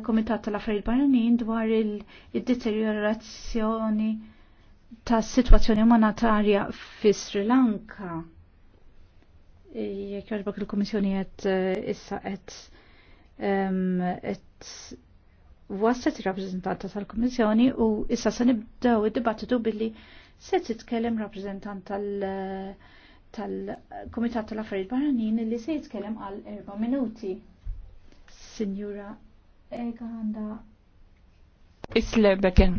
tal-Komitat tal-Affarijiet Barranin dwar il-deteriorazzjoni ta' situazzjoni umanitarja fi Sri Lanka. E, jekk jarbak il-Komissjoni qed eh, issa qed waset ir rappresentanta tal-Komissjoni u issa se nibdew id-dibattitu billi se titkellem rappreżentant tal- tal-Komitat tal-Affarijiet Barranin li se jitkellem għal erba' minuti. Signora għanda. Isle Beken.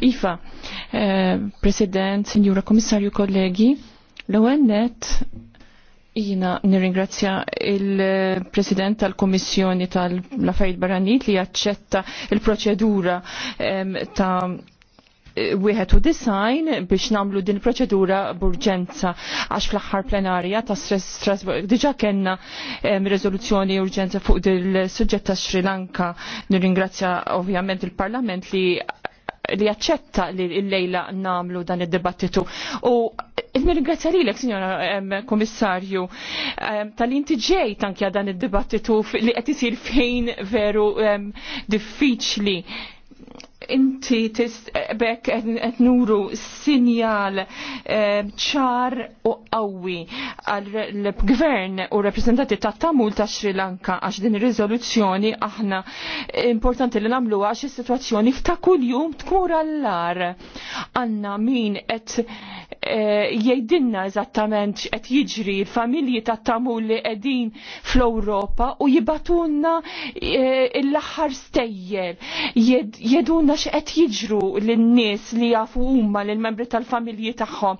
Ifa, eh, President, Signora Komissarju, kollegi, l-għennet jina nirringrazzja il-President tal-Komissjoni tal-Affarijiet Barranit li jaċċetta il-proċedura ta' wieħed u design biex namlu din proċedura b'urġenza għax fl-aħħar plenarja ta' Strasburg diġa kellna riżoluzzjoni urġenza fuq il-suġġett ta' Sri Lanka. Nirringrazzja ovvjament il-Parlament li li jaċċetta li l-lejla namlu dan id-dibattitu. U nirringrazzja lilek, signora Komissarju, tal-inti ġejt anke dan id-dibattitu li qed isir fejn veru diffiċli inti e, bekk qed nuru sinjal e, ċar u qawwi għall-gvern u rappresentanti ta' Tamul ta' Sri Lanka għax din ir-riżoluzzjoni aħna importanti li namlu għax is-sitwazzjoni ta' kuljum tkun allar. Għandna min qed e, jgħidilna eżattament qed jiġri l-familji ta' Tamul li qegħdin fl-Ewropa u jibatunna l-aħħar stejjer jeduna għax qed jiġru lin-nies li jafu huma lill-membri tal-familji tagħhom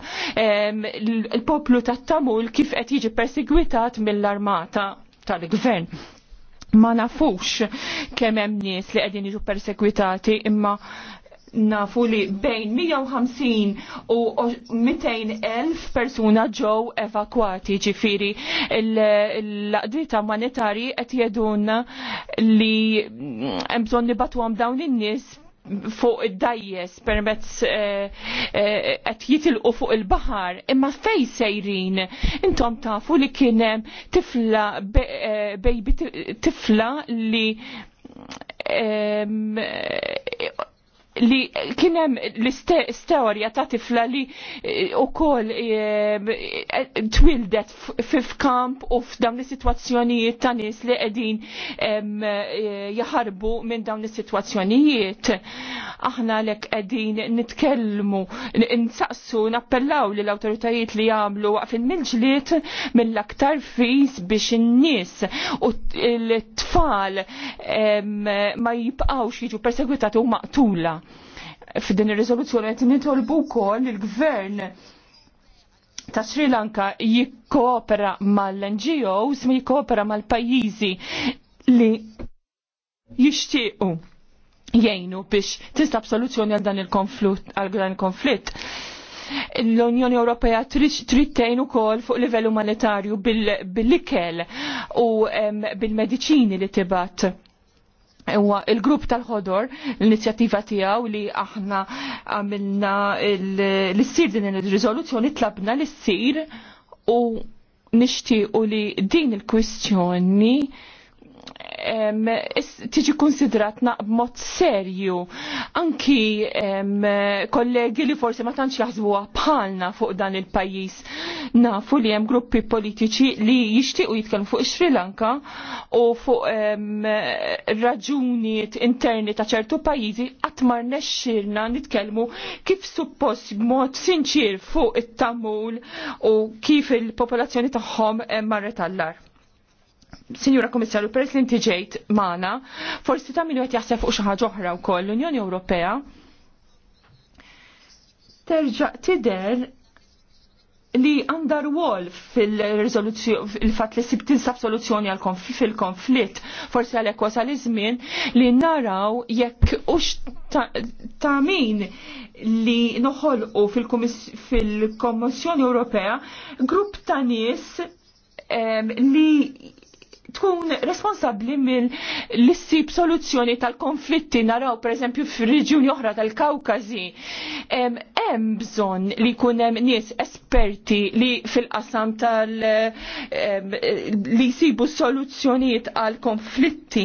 il-poplu tat-Tamul kif qed jiġi persegwitat mill-armata tal-gvern ma nafux kemm hemm nies li qegħdin jiġu persegwitati imma nafu li bejn 150 u 200 elf persuna ġew evakwati ġifiri l-laqdita umanitari qed jedun li hemm bżonn nibatuhom dawn in-nies fuq id-dajjes permezz eh, eh, qed jitilqu fuq il-baħar, imma fej sejrin intom tafu li kien hemm tifla eh, baby tifla li li kienem l-teorja ta' tifla li eh, u kol eh, twildet kamp u f'dawn l-situazzjonijiet ta' nis li edin eh, jaharbu minn dawn l-situazzjonijiet. Aħna lek edin nitkellmu, nsaqsu, nappellaw li l-autoritajiet li jamlu għafin mill-ġliet mill-aktar fis biex n-nis u l-tfal ma jibqawx jiġu persegwitati u maqtula F'din ir-riżoluzzjoni qed nitolbu wkoll il-gvern ta' Sri Lanka jikkoopera mal-NGOs, jikkoopera mal-pajjiżi li jixtiequ jgħinu biex tistab soluzzjoni għal dan il-konflitt. il konflitt l-Unjoni Ewropea trid tgħin ukoll fuq livell umanitarju bil-ikel u bil-mediċini li tibat Ewa il-grupp tal-ħodor l-inizjattiva tiegħu li aħna għamilna l sir din ir-riżoluzzjoni tlabna l sir u nixtiequ li din il-kwistjoni tiġi konsidrat b'mod serju. Anki kollegi li forsi ma tantx jaħsbuha bħalna fuq dan il-pajjiż nafu li hemm gruppi politiċi li jixtiequ jitkellmu fuq Sri Lanka u fuq raġunijiet interni ta' ċertu pajjiżi qatt ma rnexxirna nitkellmu kif suppost b'mod sinċir fuq it-Tamul u kif il-popolazzjoni tagħhom marret allar. Sinjura Komissarju, peress li inti ġejt magħna, forsi tagħmilu qed jaħseb fuq xi ħaġa oħra wkoll l-Unjoni Ewropea terġa' tidher li għandar wall fil-rizoluzzjoni, il-fat li sib tinsab soluzzjoni fil-konflitt, forsi għalhekk wasal iż-żmien li naraw jekk ux ta', min li noħolqu fil-Kommissjoni Ewropea grupp ta' nies li tkun responsabli mill-issib soluzzjoni tal-konflitti naraw pereżempju fir-reġjuni oħra tal-Kawkażi. Hemm bżonn li jkun hemm nies esperti li fil-qasam tal li jsibu soluzzjonijiet għal konflitti.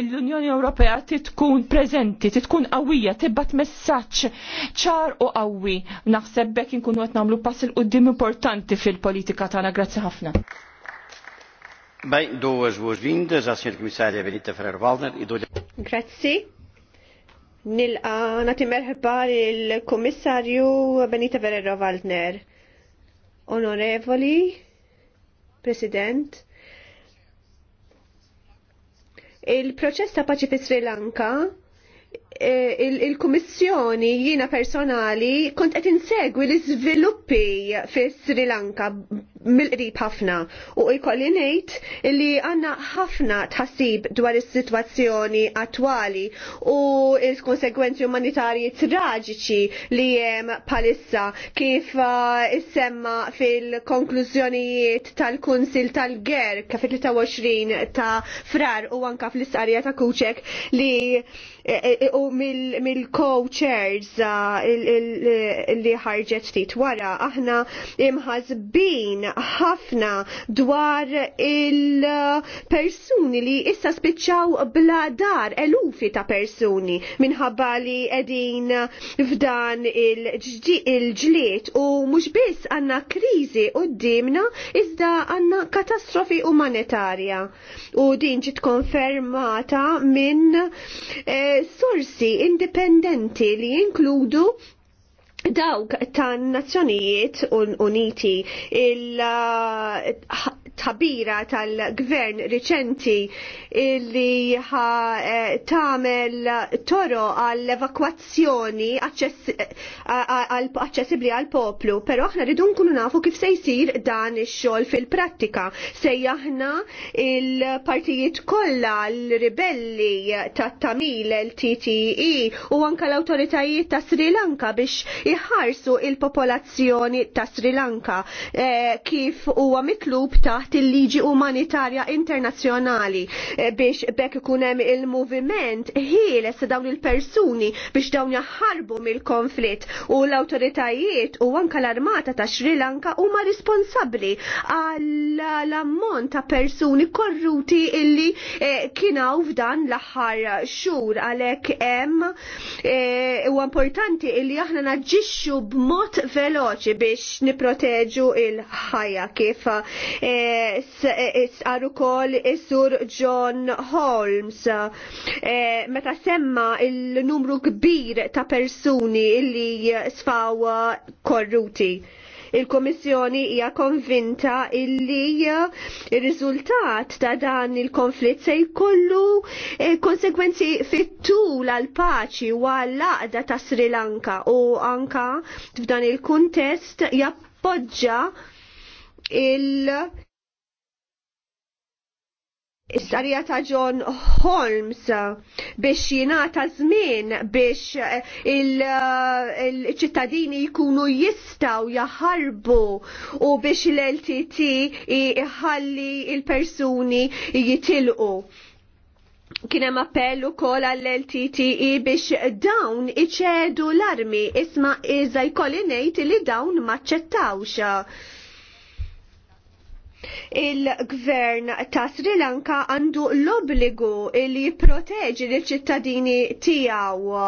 L-Unjoni Ewropea titkun preżenti, titkun qawwija, tibbat messaġġ ċar u qawwi. Naħseb bekk inkunu qed nagħmlu pass il-qudiem importanti fil-politika tagħna. Grazzi ħafna. Bem, Benita Ferrer e Grazie. Nilqa ah, nati merħba il-Komissarju Benita Ferrero Waldner. Onorevoli, President, il-proċess ta' paċi fi Sri Lanka Eh, il-Kummissjoni il jiena personali kont qed insegwi l-iżviluppi fi Sri Lanka mill-qrib ħafna u jkolli ngħid li għandna ħafna tħassib dwar is-sitwazzjoni attwali u l-konsegwenzi umanitarji traġiċi li hemm palissa kif eh, issemma fil-konklużjonijiet tal-Kunsil tal-Ger kif 23 ta' frar u anka fl-isqarja ta' Kuċek li eh, u mill-co-chairs uh, li ħarġet ftit wara. Aħna imħazbin ħafna dwar il-persuni li issa spiċċaw bla dar elufi ta' persuni minħabba li edin f'dan il-ġliet u mhux biss għandna kriżi dimna iżda għandna katastrofi umanitarja. U din ġiet konfermata minn eh, sors interessi indipendenti li jinkludu dawk tan Nazzjonijiet un Uniti il tabira tal-gvern riċenti li ha eh, tamel toro għall-evakwazzjoni aċċessibbli għall-poplu, pero aħna ridun kunu nafu kif se jsir dan ix-xogħol fil-prattika. Sejjaħna il-partijiet kollha l-ribelli tat-Tamil l-TTE u anka l-awtoritajiet ta' Sri Lanka biex iħarsu il-popolazzjoni ta' Sri Lanka eh, kif huwa mitlub ta' taħt il-liġi umanitarja internazzjonali eh, biex bekk ikun hemm il-moviment ħieles dawn il-persuni biex dawn jaħarbu mill-konflitt u l-awtoritajiet u anka l-armata ta' Sri Lanka huma responsabbli għall-ammont ta' persuni korruti illi eh, kienaw f'dan l-aħħar xhur għalhekk hemm eh, huwa importanti illi aħna naġġixxu b'mod veloċi biex niproteġu il-ħajja kif sqaru eh, eh, kol is-sur John Holmes eh, meta semma il-numru kbir ta' persuni illi sfaw korruti il-Komissjoni hija konvinta illi ir-riżultat ta' dan il-konflitt se jkollu konsekwenzi fit-tul għal paċi u għall-laqda ta' Sri Lanka u anka f'dan il-kuntest jappoġġa il- is sarija ta' John Holmes biex jingħata żmien biex eh, eh, il-ċittadini il jkunu jistaw jaħarbu u biex l-LTT iħalli il-persuni jitilqu. Kien hemm appell ukoll għall ltt biex dawn iċedu l-armi isma' iżda jkolli ngħid li dawn maċċettawx Il-gvern ta' Sri Lanka għandu l-obligu li jipproteġi l-ċittadini tiegħu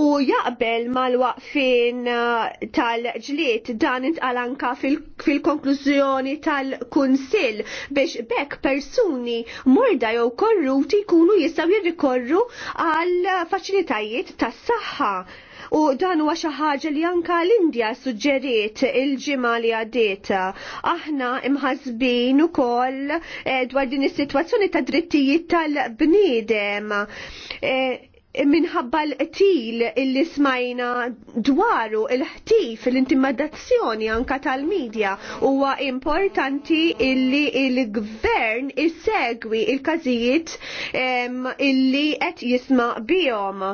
u jaqbel mal-waqfin uh, tal-ġlied dan intqalanka fil-konklużjoni fil tal-Kunsill biex bekk persuni morda jew korruti jkunu jistgħu jirrikorru għal faċilitajiet tas-saħħa u dan huwa xi ħaġa li anka l-Indja suġġeriet il-ġimgħa li għaddiet. Aħna imħasbin ukoll eh, dwar din is-sitwazzjoni ta' drittijiet tal-bniedem. E, minħabba l-qtil illi smajna dwaru il-ħtif l-intimidazzjoni anka tal-medja huwa importanti illi il-gvern issegwi il-każijiet illi qed jisma' bihom.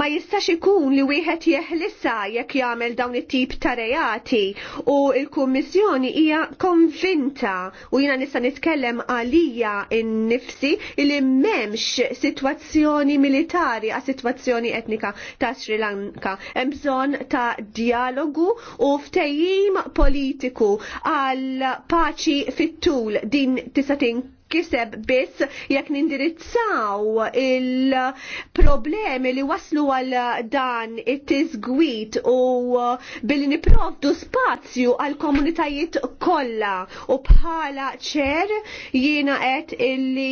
Ma jistax ikun li wieħed jeħlisa jekk jagħmel dawn it-tip ta' reati u l-Kummissjoni hija konvinta u jiena nista' nitkellem għalija in-nifsi illi m'hemmx sitwazzjoni militari partikolari għas situazzjoni etnika ta' Sri Lanka. Hemm bżonn ta' dialogu u ftejjim politiku għal paċi fit-tul din tista' Kiseb biss jekk nindirizzaw il-problemi li waslu għal dan it-tiżgwit u billi niprovdu spazju għal komunitajiet kollha u bħala ċer jiena qed illi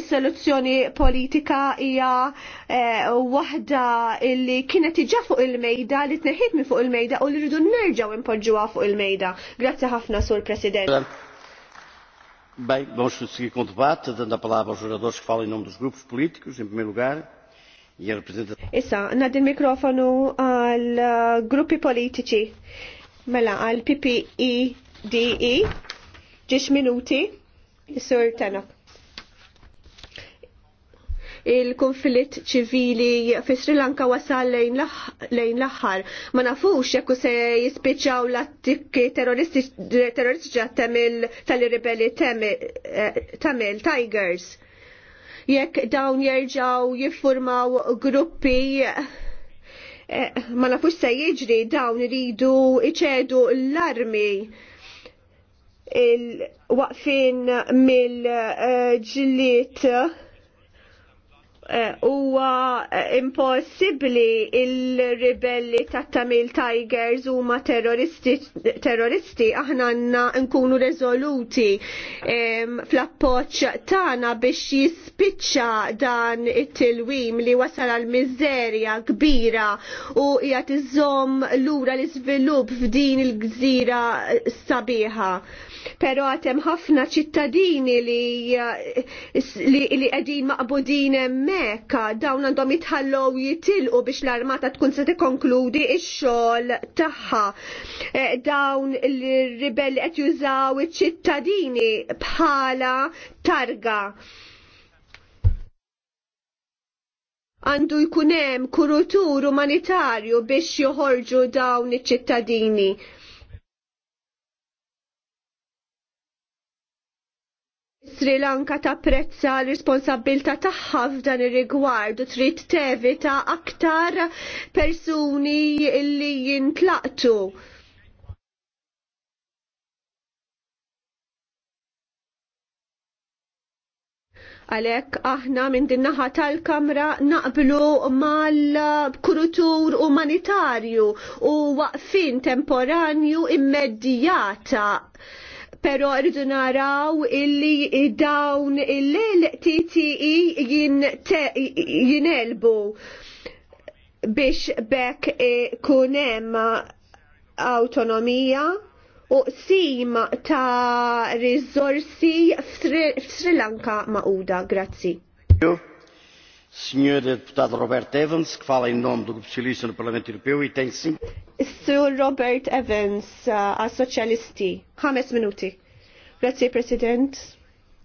is-soluzzjoni politika hija eh, waħda illi kienet iġa fuq il-mejda li tneħħit minn fuq il-mejda u li rridu nerġgħu impoġġuha fuq il-mejda. Grazzi ħafna sur President. Bem, vamos seguir com o debate, dando a palavra aos oradores que falam em nome dos grupos políticos, em primeiro lugar, e a representante. Issa, nad il-mikrofonu għal uh, gruppi politiċi. Mela, għal PPE, minutos. E o senhor Tanok il-konflitt ċivili fi Sri Lanka wasal lejn l-aħħar. Ma nafux jekk se jispiċċaw l-attikki terroristiċi tamil tal irribelli eh, tamil Tigers. Jekk dawn jerġaw jiffurmaw gruppi eh, ma nafux se jiġri dawn iridu iċedu l-armi il-waqfin mill-ġilliet eh, uh, Eh, huwa uh, impossibbli il-ribelli ta' Tamil Tigers huma terroristi, terroristi aħna għanna nkunu rezoluti um, fl-appoċ tagħna biex jispiċċa dan it-tilwim li wasal għal miżerja kbira u iżom l lura l-iżvilupp f'din il-gżira sabiħa. Pero għatem ħafna ċittadini li li qegħdin maqbudin hemmhekk dawn għandhom jitħallow jitilqu biex l-armata tkun se tikkonkludi x-xogħol tagħha. Eh, dawn l-ribelli qed jużaw iċ-ċittadini bħala targa. għandu jkunem kurutur umanitarju biex joħorġu dawn iċ-ċittadini. Sri Lanka tapprezza l-responsabilta tagħha f'dan ir-rigward u trid tevita aktar persuni li jintlaqtu. għalek aħna minn din-naħa tal-kamra naqblu mal-kurutur umanitarju u waqfin temporanju immedijata pero rridu naraw illi dawn il-TTI e jinelbu biex bekk e, kunem autonomija u sim ta' rizorsi f'Sri Lanka ma'uda. Grazzi. Senhor Deputado Robert Evans, que fala em nome do Grupo Socialista no Parlamento Europeu e tem cinco... Robert Evans, uh, a Socialisti. Ħames minuti. Grazie, President.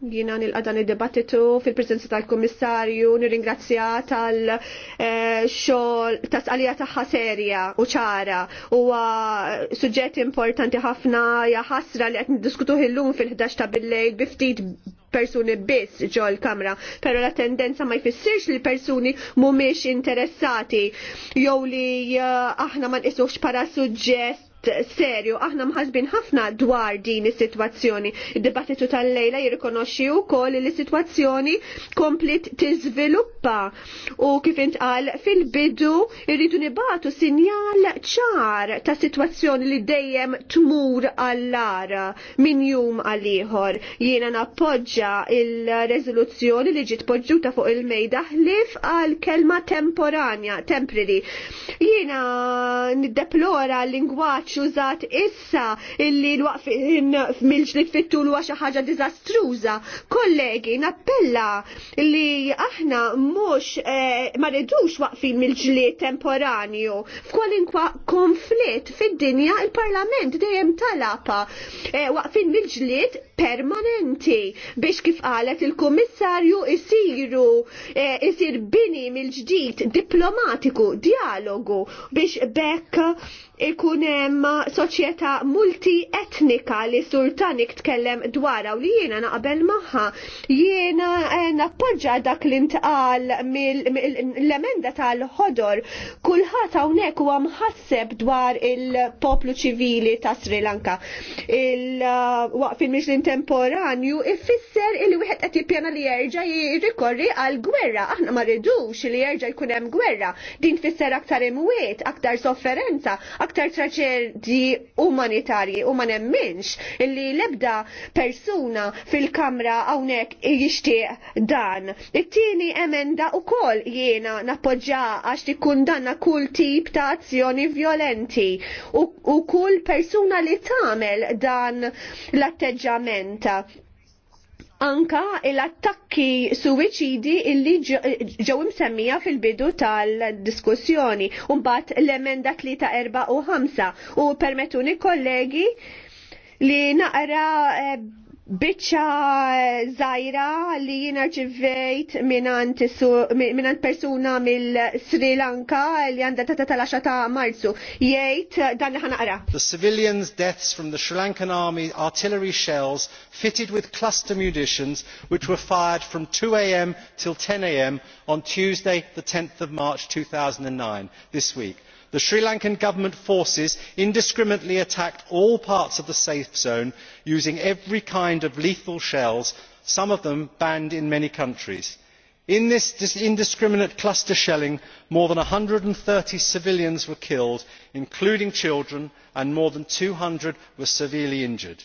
Jina nil-qadan il-debattitu fil-prezenza tal-Komissarju, nir-ingrazzja tal-xol, eh, tas-qalija taħħa serja u ċara. U suġġet importanti ħafna jaħasra li għet diskutuħi l lum fil-11 ta' bil-lejl biftit persuni biss ġo l-kamra, pero la tendenza ma jfissirx li persuni mumiex interessati jew li eh, aħna ma nqisux para suġġest serju. Aħna mħasbin ħafna dwar din is-sitwazzjoni. Id-dibattitu tal-lejla jirrikonoxxi wkoll li situazzjoni komplit tiżviluppa u kif intqal fil-bidu irridu nibatu sinjal ċar ta' sitwazzjoni li dejjem tmur għallar minn jum għal ieħor. Jiena nappoġġa il-reżoluzzjoni li ġiet poġġuta fuq il-mejda ħlif għal kelma temporanja, temporary. Jiena niddeplora l-lingwaġġ l użat issa illi l-waqf mill-ġlid fit-tul huwa xi ħaġa diżastruża. Kollegi, nappella li aħna mhux eh, ma rridux waqfin mill ġlied temporanju. F'kwalinkwa konflitt fid-dinja il-Parlament dejjem talapa eh, waqfin mill ġlied permanenti biex kif qalet il-Kummissarju isiru eh, isir bini mill-ġdid diplomatiku, dialogu biex bekk ikun hemm soċjetà multietnika li sultanik tkellem dwarha u li jiena naqbel magħha. Jiena eh, nappoġġa dak li ntqal mill-emenda tal-ħodor. Kulħadd hawnhekk huwa mħasseb dwar il-poplu ċivili ta' Sri Lanka. Il-waqf il eh, mixlin temporanju ifisser il wieħed qed jippjana li jerġa' jirrikorri għal gwerra. Aħna ma rridux li jerġa' jkun hemm gwerra. Din tfisser aktar imwiet, aktar sofferenza, aktar traċerdi umanitarji u ma nemminx illi lebda persuna fil-kamra hawnhekk jixtieq dan. It-tieni emenda wkoll jiena nappoġġa għax tikkundanna kull tip ta' azzjoni violenti u, u kull persuna li tagħmel dan l-atteġġament anka l-attakki suwiċidi illi ġew imsemmija fil-bidu tal-diskussjoni. Umbat l-emenda 3, 4 u 5 u permettuni kollegi li naqra eh, bicċa zaħira eh, li jina ġivvejt minant persuna mill Sri Lanka li għanda tata tal-10 ta' marzu. Jgħid dan li ħanaqra. The civilians' deaths from the Sri Lankan army artillery shells fitted with cluster munitions which were fired from 2 a.m. till 10 a.m. on Tuesday the 10th of March 2009, this week the sri lankan government forces indiscriminately attacked all parts of the safe zone using every kind of lethal shells some of them banned in many countries. in this indiscriminate cluster shelling more than one hundred and thirty civilians were killed including children and more than two hundred were severely injured.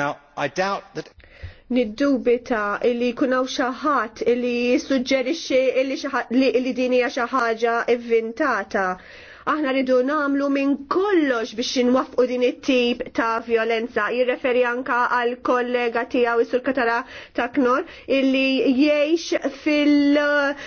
now i doubt that niddubita illi illi illi, Aħna rridu namlu minn kollox biex nwafqu din it-tip ta' violenza. Jirreferi anka għal kollega tiegħu is-Sur Katara Taknor illi jgħix fil-nofs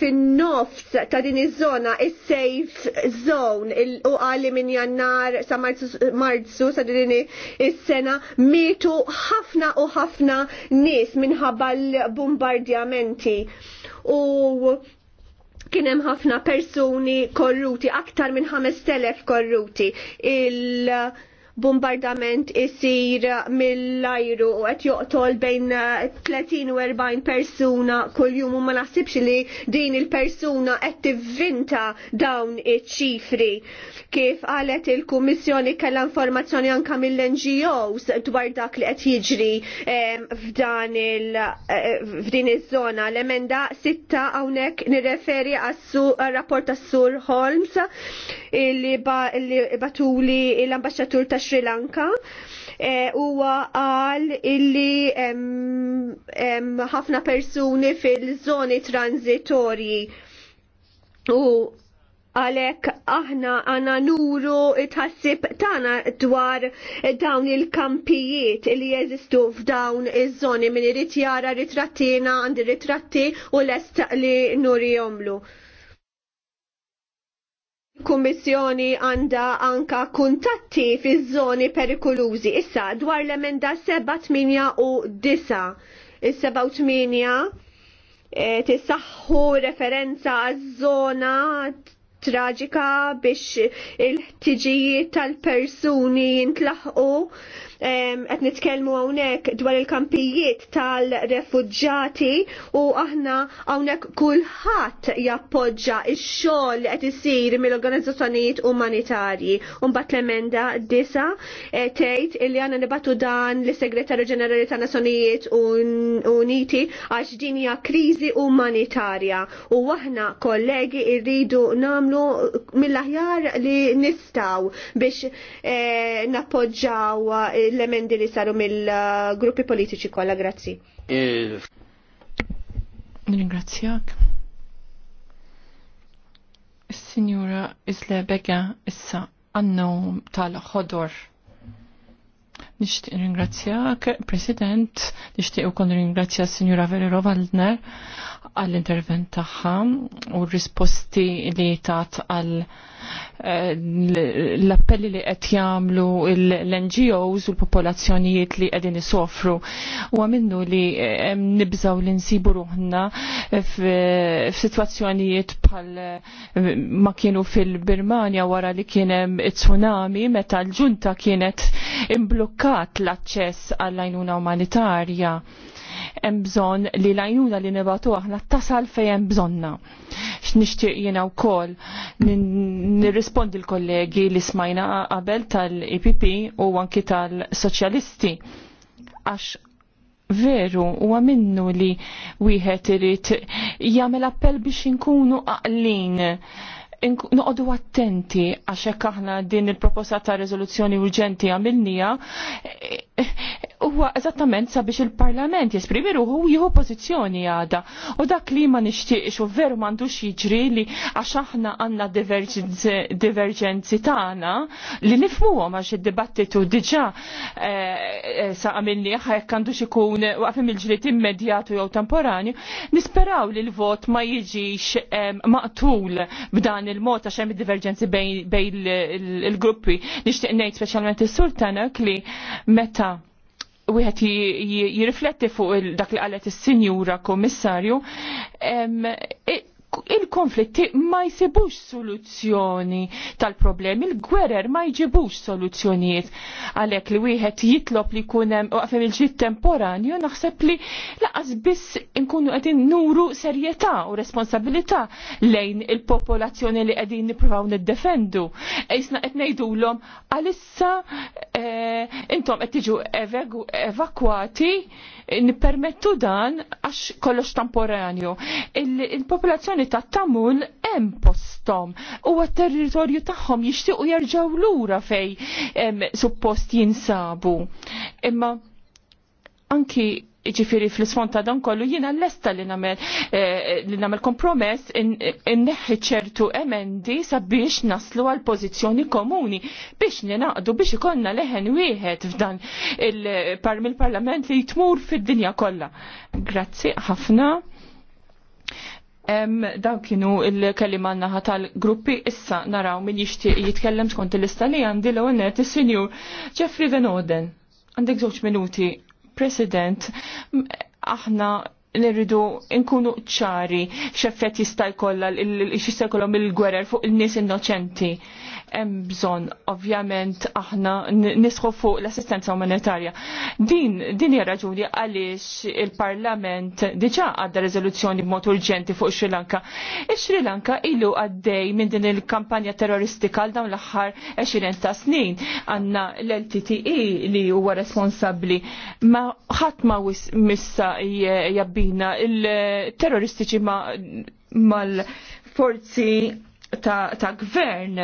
fil eh, ta' din iż-żona is-safe zone u għalli minn jannar sa' marzu sa' din is-sena mietu ħafna u ħafna nies minħabba l-bombardjamenti. U Kien hemm ħafna persuni korruti, aktar minn 5,000 korruti. Il- bombardament isir mill-ajru u qed joqtol bejn 30 eh, u 40 persuna kuljum u ma naħsibx li din il-persuna qed tivvinta dawn iċ-ċifri. Kif qalet il-Kummissjoni kellha informazzjoni anke mill-NGOs dwar dak li qed jiġri eh, f'dan il eh, f'din iż-żona l-emenda sitta hawnhekk nirreferi għas-rapport tas-Sur Holmes illi batuli l-ambasċatur ta' Sri Lanka e, huwa qal illi ħafna persuni fil-żoni transitorji u għalek aħna għana nuru tħassib tana dwar dawn il-kampijiet li jeżistu f'dawn iż-żoni minn irrit jara ritrattina għandi ritratti u l-est li nuri jomlu kummissjoni għanda anka kuntatti fi zoni perikolużi. Issa dwar l-emenda 7, 8 u 9. Is-7 u 8 tissaħħu referenza għaż zona traġika biex il-ħtiġijiet tal-persuni jintlaħqu qed nitkellmu hawnhekk dwar il-kampijiet tal-refuġġati u aħna hawnhekk kulħadd jappoġġa x-xogħol li qed isir mill-organizzazzjonijiet umanitarji. U mbagħad l-emenda disa eh, tgħid illi għandna nibatu dan l segretarju Ġenerali tan Nazzjonijiet Uniti għax din hija kriżi umanitarja u aħna kollegi rridu nagħmlu mill-aħjar li nistgħu biex eh, nappoġġaw l-emendi li saru mill-gruppi politiċi kollha, grazzi. Ringrazzjak. Signora sinjura Islebega issa għannu tal-ħodor. Nishtiq ringrazzjak, President, nishtiq u kon ringrazzja Signora Verero Waldner għall-intervent taħħa u risposti li taħt għall Eh, l-appelli li qed jagħmlu l-NGOs u l-popolazzjonijiet li qegħdin isofru. Huwa minnu li eh, hemm nibżgħu li nsibu ruħna f'sitwazzjonijiet bħal eh, ma kienu fil-Birmania wara li kien hemm tsunami meta l-ġunta kienet imblukkat l-aċċess għall-għajnuna umanitarja hemm bżonn li l-għajnuna li nibatu aħna tasal fejn hemm bżonna. X'nixtieq jiena wkoll nirrispondi l-kollegi li smajna qabel tal ipp u anki tal-Soċjalisti għax veru huwa minnu li wieħed irid jagħmel appell biex inkunu aqlin noqdu attenti għax hekk aħna din il-proposta ta' riżoluzzjoni urġenti għamilnija e, e, huwa eżattament sabiex il-Parlament jesprimi ruħu jieħu pożizzjoni għada. U dak li ma nixtieqx u veru m'għandux jiġri li għax aħna għandna divergenzi tagħna li nifmuhom għax id-dibattitu diġà e, sa għamilni hekk għandux ikun waqfim il-ġrid immedjatu jew temporanju, nisperaw li l-vot ma jiġix maqtul b'dan dan il-mod ta' hemm diverġenzi bejn il-gruppi. Nixtieq ngħid speċjalment is-sur li meta wieħed jirrifletti fuq dak li qalet is-sinjura kummissarju il-konflitti ma jsibux soluzzjoni tal-problemi, il-gwerer ma jġibux soluzzjonijiet. Għalek li wieħed jitlob li kunem u għafem il-ġit temporanju, naħseb li laqas biss nkunu għedin nuru serjetà u responsabilità lejn il-popolazzjoni li għedin niprofaw niddefendu. Isna qed ngħidulhom għalissa eh, intom qed tiġu evakwati nippermettu dan għax kollox temporanju. Il-popolazzjoni ta' Tamun hemm postom u territorju tagħhom jixtiequ jerġgħu lura fej suppost jinsabu. Imma anki ġifiri fl-isfond ta' dan kollu jiena l-lesta li namel eh, li namel kompromess inneħħi ċertu emendi sabiex naslu għal pożizzjoni komuni biex ninaqdu biex ikonna leħen wieħed f'dan il-parlament li jtmur fid-dinja kollha. Grazzi ħafna. Daw kienu il-kelima naħa tal-gruppi issa naraw min jixtieq jitkellem skont il istali li għandi l għonet il senjur Jeffrey Van Oden. Għandek żewġ minuti, President, aħna nirridu nkunu ċari x'effett jista' jkollha jista' jkollhom il-gwerer fuq il nies innoċenti hemm bżonn ovvjament aħna nisħu fuq l-assistenza umanitarja. Din din hija raġuni għaliex il-Parlament diġà għadda riżoluzzjoni b'mod urġenti fuq Sri Lanka. ix sri Lanka ilu għaddej minn din il-kampanja terroristika għal dawn l-aħħar 20 ta' snin għandna l-LTTE li huwa responsabbli ma ħadd ma missa jabbina il-terroristiċi mal-forzi ta', ta gvern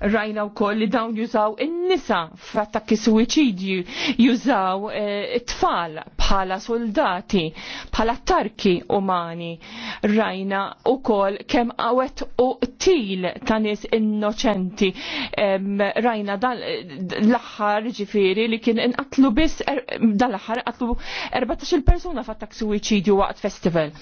Rajna wkoll li dawn jużaw in-nisa f'attakki suwiċidju, jużaw eh, it-tfal bħala soldati, bħala tarki umani. Rajna wkoll kemm għawet u til ta' nies innoċenti. Rajna dal-aħħar ġifiri li kien inqatlu biss er, dal-aħħar qatlu 14 persuna f'attakk suwiċidju waqt festival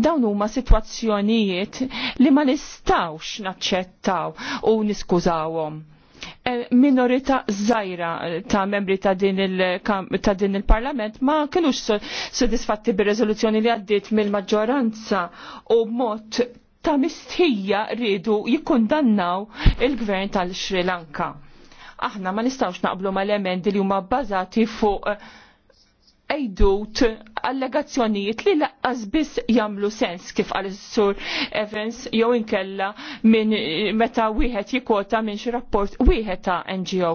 dawn huma sitwazzjonijiet li ma nistawx naċċettaw u niskużawhom. E, minorita zaħira ta' membri ta' din il-parlament il ma kienux sodisfatti bir-reżoluzzjoni li għaddiet mill-maġġoranza u mod ta' mistħija rridu jikkundannaw il-gvern tal-Sri Lanka. Aħna ma nistawx naqblu mal-emendi li huma bbażati fuq ejdut allegazzjonijiet li laqqas biss jagħmlu sens kif għal sur Evans jew inkella minn meta wieħed jikota minn xi rapport wieħed ta' NGO.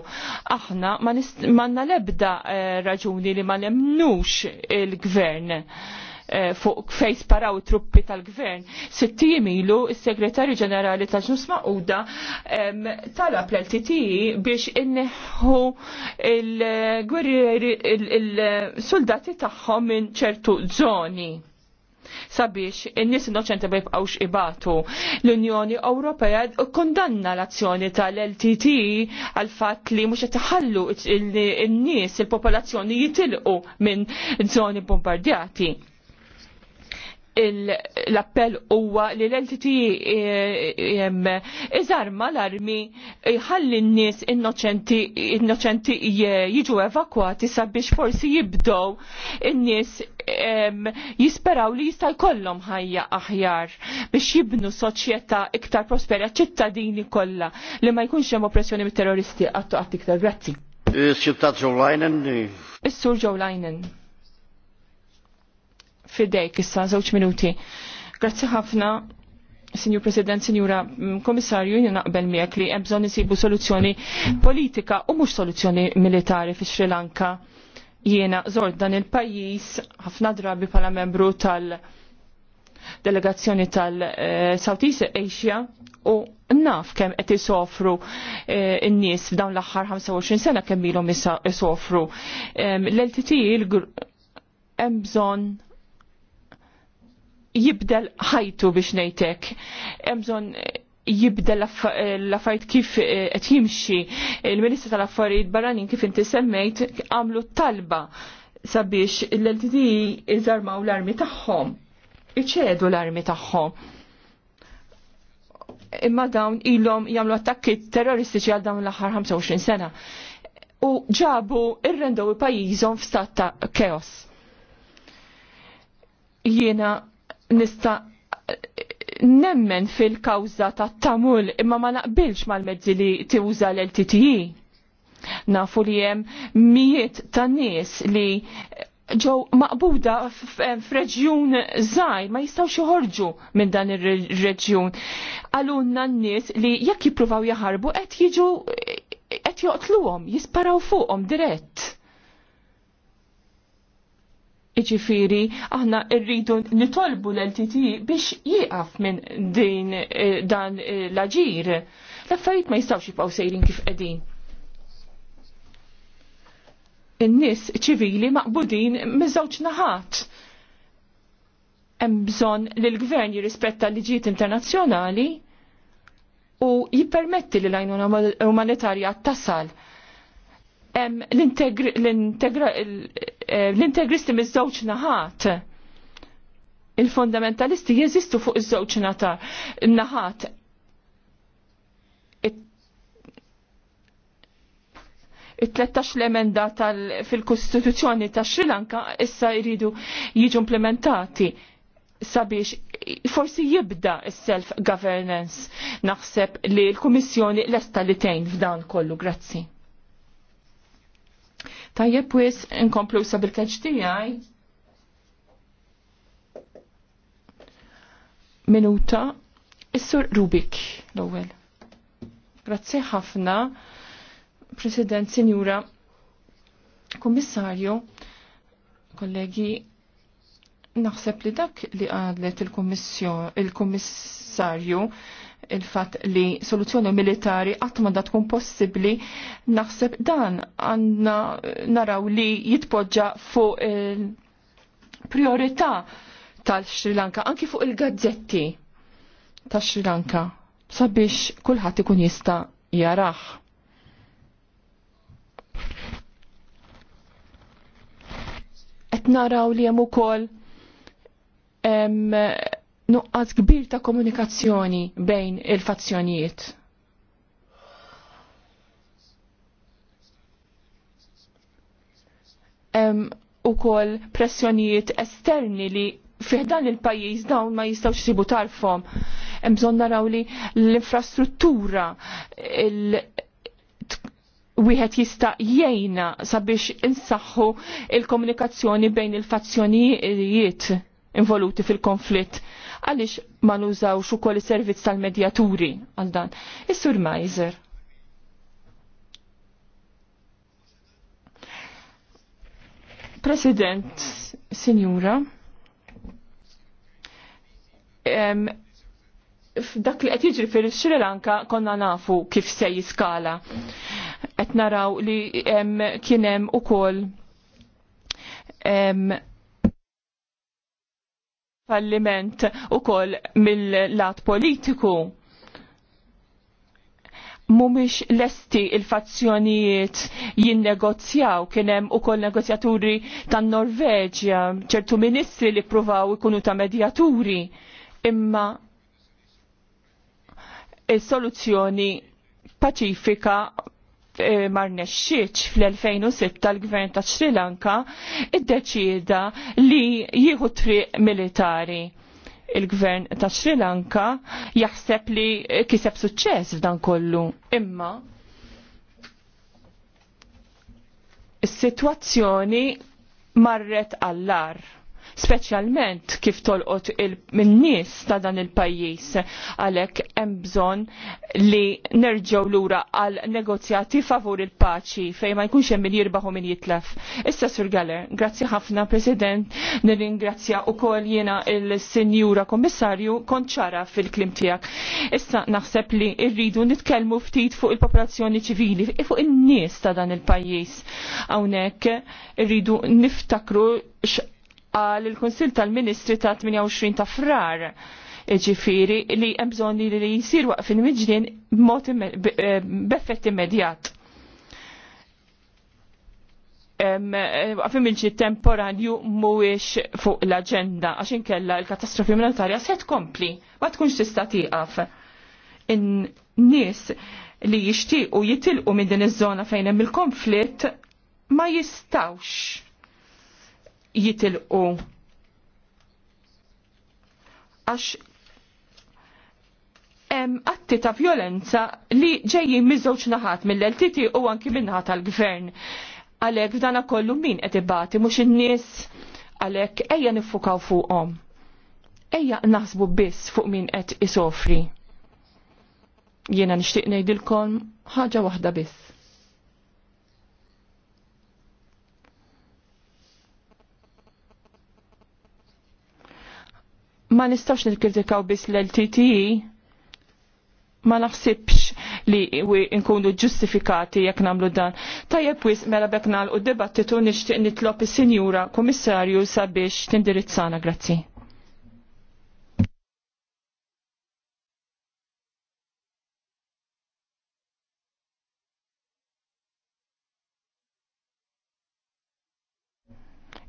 Aħna ma l lebda eh, raġuni li ma nemnux il-gvern Eh, fuq fejn sparaw truppi tal-gvern. Sittim ilu il-segretarju ġenerali ta' ġnus maquda talab l-LTT biex inneħu il-soldati tagħhom minn ċertu zoni sabiex in-nies innoċenti ma jibqgħux ibatu. L-Unjoni Ewropea kondanna l-azzjoni tal-LTT għal fatt li mhux qed iħallu n-nies il-popolazzjoni jitilqu minn żoni bombardjati l-appell huwa li l-LTT eh, iżar l armi ħalli n-nies innoċenti jiġu evakwati sabiex forsi jibdow n-nies jisperaw li jista' jkollhom ħajja aħjar biex jibnu soċjetà iktar prospera ċittadini kollha li ma jkunx hemm oppressjoni mit-terroristi għattu qatt iktar. Grazzi. Eh, eh. Is-sur Joe Linen fidejk issa, żewġ minuti. Grazzi ħafna, Signor President, Signora mm, Komissarju, jina naqbel miegħek li hemm bżonn isibu soluzzjoni politika u mhux soluzzjoni militari fi Sri Lanka. Jiena zort dan il-pajjiż ħafna drabi bħala membru tal- delegazzjoni tal-Southeast eh, Asia u naf kem qed isofru eh, n-nies f'dawn l-aħħar 25 sena kemm ilhom isofru. L-LTT hemm bżonn jibdel ħajtu biex nejtek. Hemm bżonn jibda l-affarijiet kif eh, qed jimxi il-Ministru tal-Affarijiet Barranin kif inti semmejt għamlu talba sabiex l-LTD iżarmaw l-armi tagħhom, iċedu l-armi tagħhom. Imma dawn ilhom jagħmlu attakki terroristiċi għal dawn l-aħħar 25 sena. U ġabu irrendew pajjiżhom f'stat ta' keos. Jiena nista nemmen fil-kawza ta' tamul imma ma naqbilx mal-mezzi li tiwża l-LTTI. E. Nafu li jem mijiet ta' nies li ġew maqbuda f'reġjun żgħir ma jistaw xoħorġu minn dan ir-reġjun. Għalunna n-nies li jekk jippruvaw jaħarbu qed jiġu qed joqtluhom, jisparaw fuqhom dirett Iġifiri, aħna rridu nitolbu l-LTT biex jieqaf minn din eh, dan eh, l-aġir. L-affarijiet ma jistawx jibqaw sejrin kif qegħdin. In-nies ċivili maqbudin miż-żewġ naħat. Hemm bżonn li l-gvern jirrispetta l-liġijiet internazzjonali u jippermetti li l-għajnuna umanitarja tasal. L-integra Eh, l-integristi miż-żewġ naħat il-fundamentalisti jeżistu fuq iż-żewġ naħat it tlettax l-emenda fil-Kostituzzjoni ta' Sri Lanka issa jridu jiġu implementati sabiex forsi jibda s-self-governance. Naħseb li l-Komissjoni lesta li tejn f'dan kollu. Grazzi. Tajjeb wis inkomplu sa bil-keċ tiegħi. Minuta, is-sur Rubik l-ewwel. Grazzi ħafna, President Signora, Kommissarju, kollegi, naħseb li dak li għadlet il-Kommissarju il il-fat li soluzzjoni militari għatma da tkun possibli naħseb dan għanna naraw li jitpoġġa fuq il-priorità tal-Sri Lanka, anki fuq il-gazzetti tal-Sri Lanka, sabiex kullħat ikun jista jaraħ. Et naraw li hemm ukoll nuqqas kbir ta' komunikazzjoni bejn il-fazzjonijiet. Em, u kol pressjonijiet esterni li fiħdan il-pajis dawn ma jistawx sibu tarfom. Mżon naraw li l-infrastruttura wieħed jista' jgħinna sabiex insaħħu il-komunikazzjoni bejn il-fazzjonijiet involuti fil-konflitt għaliex ma nużawx ukoll is-servizz tal-medjaturi għal dan. Is-Sur Meiser. President, Sinjura, f'dak li qed jiġri fil-Sri Lanka konna nafu kif se jiskala. Qed naraw li kien hemm ukoll falliment u koll mill-lat politiku. Mumiex lesti il-fazzjonijiet jinnegozjaw, kienem u koll negozjaturi tan Norveġja, ċertu ministri li provaw ikunu ta' medjaturi, imma il-soluzzjoni paċifika Eh, marnexxieċ fl-2006 tal-gvern ta' Sri Lanka iddeċida li jieħu triq militari. Il-gvern ta' Sri Lanka jaħseb li kiseb suċċess f'dan kollu. Imma is-sitwazzjoni marret għallar speċjalment kif tolqot il-nies ta' dan il-pajjiż għalhekk hemm bżonn li nerġgħu lura għal negozjati favur il-paċi fejn ma jkunx hemm min jirbaħu min jitlef. Issa Sur Galler, grazzi ħafna President, nirringrazzja kol jiena il-Sinjura Kommissarju kont ċara fil-klim tiegħek. Issa naħseb li rridu nitkellmu ftit fuq il-popolazzjoni ċivili, fuq in-nies ta' dan il-pajjiż. Hawnhekk irridu niftakru għal il-Konsil tal-Ministri ta' 28 ta' frar ġifiri li jemżon li li jisir waqf il-mġdien eh, b'effett immedjat. Eh, waqf il mġdin temporanju mhuwiex fuq l-agenda għax inkella l-katastrofi monetarja se tkompli ma tkunx tista' tieqaf. In-nies li jixtiequ jitilqu minn din iż-żona fejn hemm il-konflitt ma jistawx jitilqu. Għax hemm atti ta' violenza li ġejjin miż naħat mill-LTT u anki minnaħat tal-gvern. Għalhekk dana kollu min qed ibati mhux in-nies għalhekk ejja niffukaw fuqhom. Ejja naħsbu biss fuq min qed isofri. Jiena nixtieq ngħidilkom ħaġa waħda biss ma nistax nikkritikaw biss l-LTTE, ma naħsibx li nkunu ġustifikati jekk namlu dan. Tajjeb wis mela beknal nagħlqu d-dibattitu nixtieq nitlob is-Sinjura Kummissarju sabiex tindirizzana grazzi.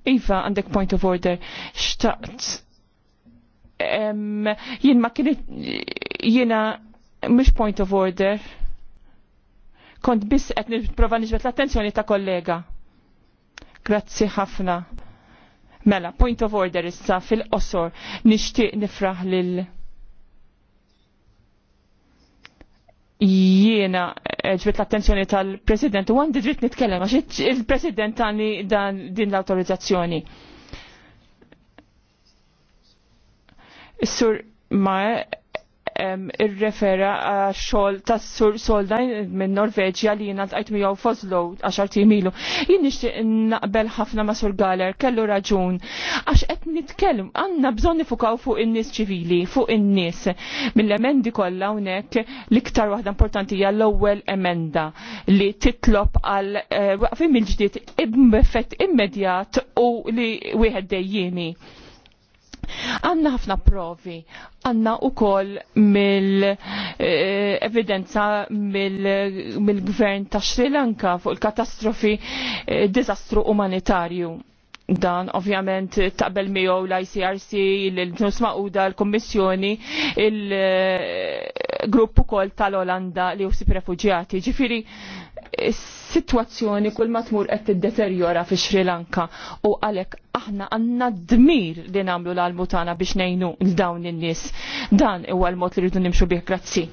Iva, għandek point of order, xtaqt jien ma kienet jiena mhux point of order. Kont biss qed nipprova niġbed l-attenzjoni ta' kollega. Grazzi ħafna. Mela, point of order issa fil-qosor nixtieq nifraħ lil jiena eh, ġbet l-attenzjoni tal-President u għandi dritt nitkellem għax il-President għani din l-autorizzazzjoni. Is-sur ma ir-refera xogħol tas-sur solda eh, minn Norveġja li jiena tqajt miegħu Foslo għaxar timilu. Jien nixtieq naqbel ħafna ma' sur Galer kellu raġun għax qed nitkellem għandna bżonn nifukaw fuq in-nies ċivili, fuq in-nies. Mill-emendi kollha hawnhekk l-iktar waħda importanti hija l-ewwel emenda li titlob għal eh, waqfim il-ġdid imbefett immedjat u li wieħed dejjini. Għanna ħafna provi, għanna u koll mill-evidenza eh, mill-gvern ta' Sri Lanka fuq il-katastrofi, eh, disastru umanitarju dan ovvjament taqbel miegħu l-ICRC, l-ġnus maquda, l kummissjoni il-grupp ukoll tal-Olanda li jusib refuġjati. Ġifieri is-sitwazzjoni kull ma tmur qed tiddeterjora fi Sri Lanka u għalhekk aħna għandna dmir li nagħmlu l-almu tagħna biex ngħinu l dawn in-nies. Dan huwa l-mod li rridu nimxu bih grazzi.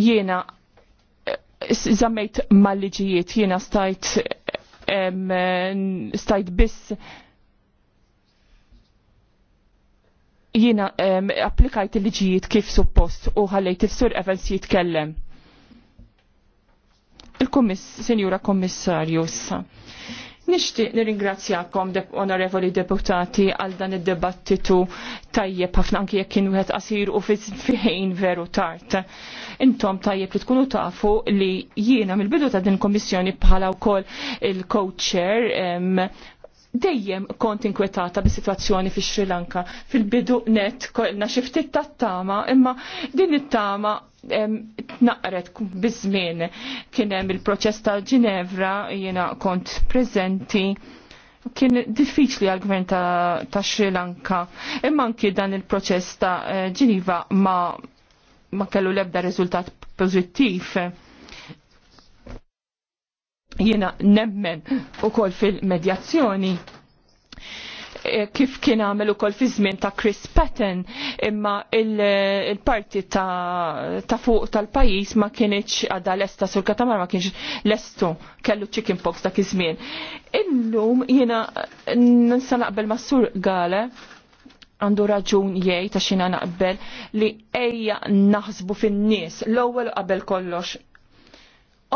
Jiena zammejt mal-liġijiet jiena stajt stajt biss jiena applikajt il-liġijiet kif suppost u ħallejt il-sur Evans jitkellem. Il-Senjura -kommiss, Kommissarju Nixtieq nirringrazzjakom onorevoli deputati għal dan id-debattitu tajjeb ħafna anki jekk kienu wieħed qasir u fiħin veru tard. Intom tajjeb li tkunu tafu li jiena mill-bidu ta' din kommissjoni bħala wkoll il-co-chair dejjem kont inkwetata bis situazzjoni fi Sri Lanka. Fil-bidu net kolna xiftit tat-tama, imma din it-tama naqret bizmin. Kienem il-proċess ta' Ginevra, jena kont prezenti kien diffiċli għal gvern ta', ta Sri Lanka. Imma anki dan il-proċess ta' eh, Ġiniva ma, ma kellu lebda riżultat pożittiv Jiena nemmen ukoll fil-medjazzjoni eh, kif kien għamel ukoll fi żmien ta' Chris Patton imma eh, il-parti il ta', ta fuq tal-pajjiż ma kienieċ għadha lesta sur katamar ma kienx lestu kellu chickenpox ta' iż-żmien. Illum jiena eh, ninsa naqbel ma' sur Gale għandu raġun jgħid ta' xina naqbel li ejja naħsbu fin-nies l-ewwel qabel kollox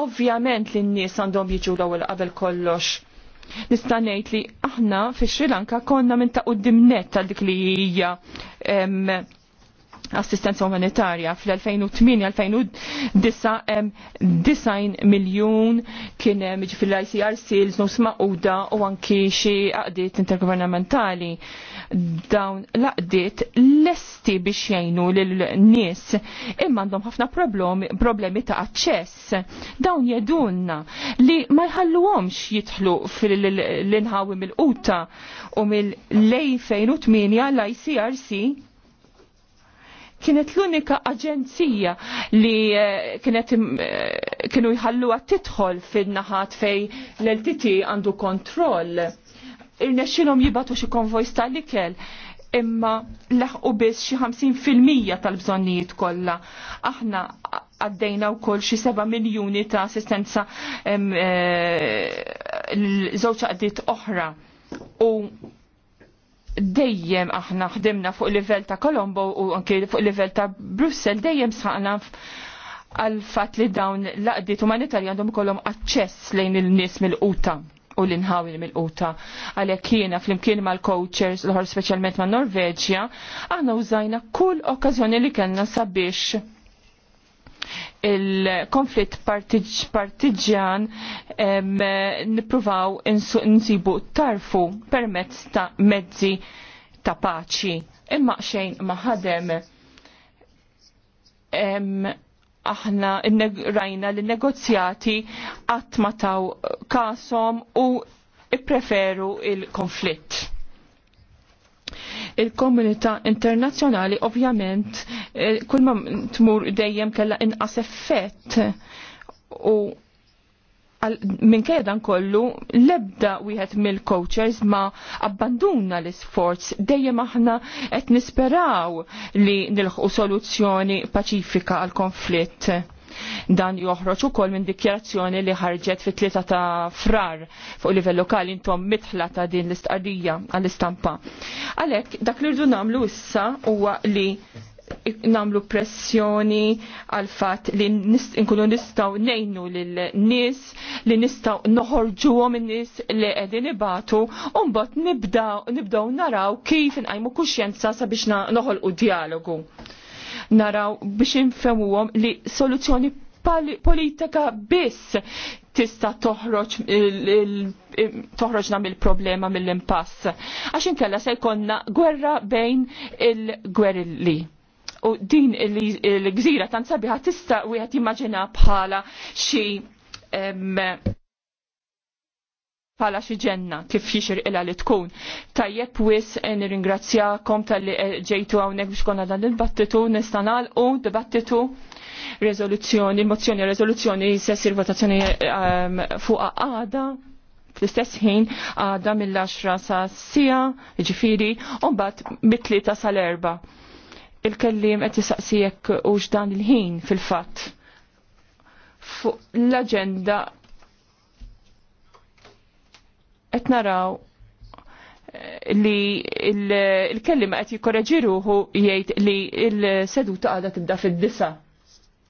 Ovvjament li n-nies għandhom jiġu l-ewwel qabel kollox. Nista' ngħid li aħna fi Sri Lanka konna minn ta' qudiem net tal dik li hija assistenza umanitarja fl-2008-2009 design miljon kien miġi fil-ICRC l-snus maquda u anki xie għaqdiet intergovernamentali dawn laqdiet lesti biex jgħinu l-nies imma għandhom ħafna problemi ta' aċċess dawn jedunna li ma jħalluhomx jitħlu fil-inħawi mill-quta u mill-2008 l-ICRC kienet l-unika aġenzija li eh, kienet eh, kienu jħalluha titħol fin-naħat fej l-LTT għandu kontroll. Irnexxilhom jibatu xi konvojs tal-ikel imma laħqu biss xi 50% tal-bżonnijiet kollha. Aħna għaddejna wkoll xi 7 miljuni ta' assistenza eh, żewġ għaddit oħra. U dejjem aħna ħdimna fuq livell ta' Kolombo u anke fuq livell ta' Brussel dejjem saqna għal fatt li dawn laqdiet umanitarji għandhom ikollhom aċċess lejn il-nies mill-quta u l inħawil mill-quta. Għalhekk jiena flimkien mal-coachers l-ħor speċjalment ma' Norveġja, aħna użajna kull okkażjoni li kellna sabiex il-konflitt partiġjan nipruvaw nsibu tarfu permezz ta' mezzi ta' paċi. Imma xejn ma' ħadem aħna rajna li negozjati għatmataw kasom u preferu il-konflitt il-komunità internazzjonali ovvjament eh, kull ma tmur dejjem kella inqas effett u minn dan kollu lebda wieħed mill-coaches ma abbanduna l-isforz dejjem aħna qed nisperaw li nilħu soluzzjoni paċifika għal konflitt Dan joħroġ ukoll minn dikjarazzjoni li ħarġet fit-3 ta' frar fuq livell lokali intom mitħla ta' din l-istqarrija għall-istampa. Għalhekk dak li rridu nagħmlu issa huwa li namlu pressjoni għal fat li nkunu nistaw nejnu l-nis li nistaw noħorġu għom nis li edin ibatu unbot nibdaw naraw kif nqajmu kuxjenza sabiex noħolqu dialogu naraw biex infemuhom li soluzzjoni politika biss tista toħroġ toħroġna mill-problema mill-impass. Għax inkella se jkollna gwerra bejn il-gwerilli. U din il-gżira tan sabiħa tista' wieħed immaġina bħala xi pala xi ġenna kif ilha li tkun. Tajjeb wis eh, nirringrazzjakom tal-li eh, ġejtu hawnhekk biex konna dan il-battitu nista' nagħlqu dibattitu rezoluzzjoni, mozzjoni rezoluzzjoni se sir votazzjoni um, fuq għada fl-istess ħin għada mill-10 sa sija ġifiri u mbagħad mit-tlieta sal-erba. Il-kellim qed jisaqsijek u x'dan il-ħin fil-fatt. Fuq l-aġenda qed naraw eh, li il kellima qed jikkoreġiruhu jgħid li il seduta għadha tibda fid-disa'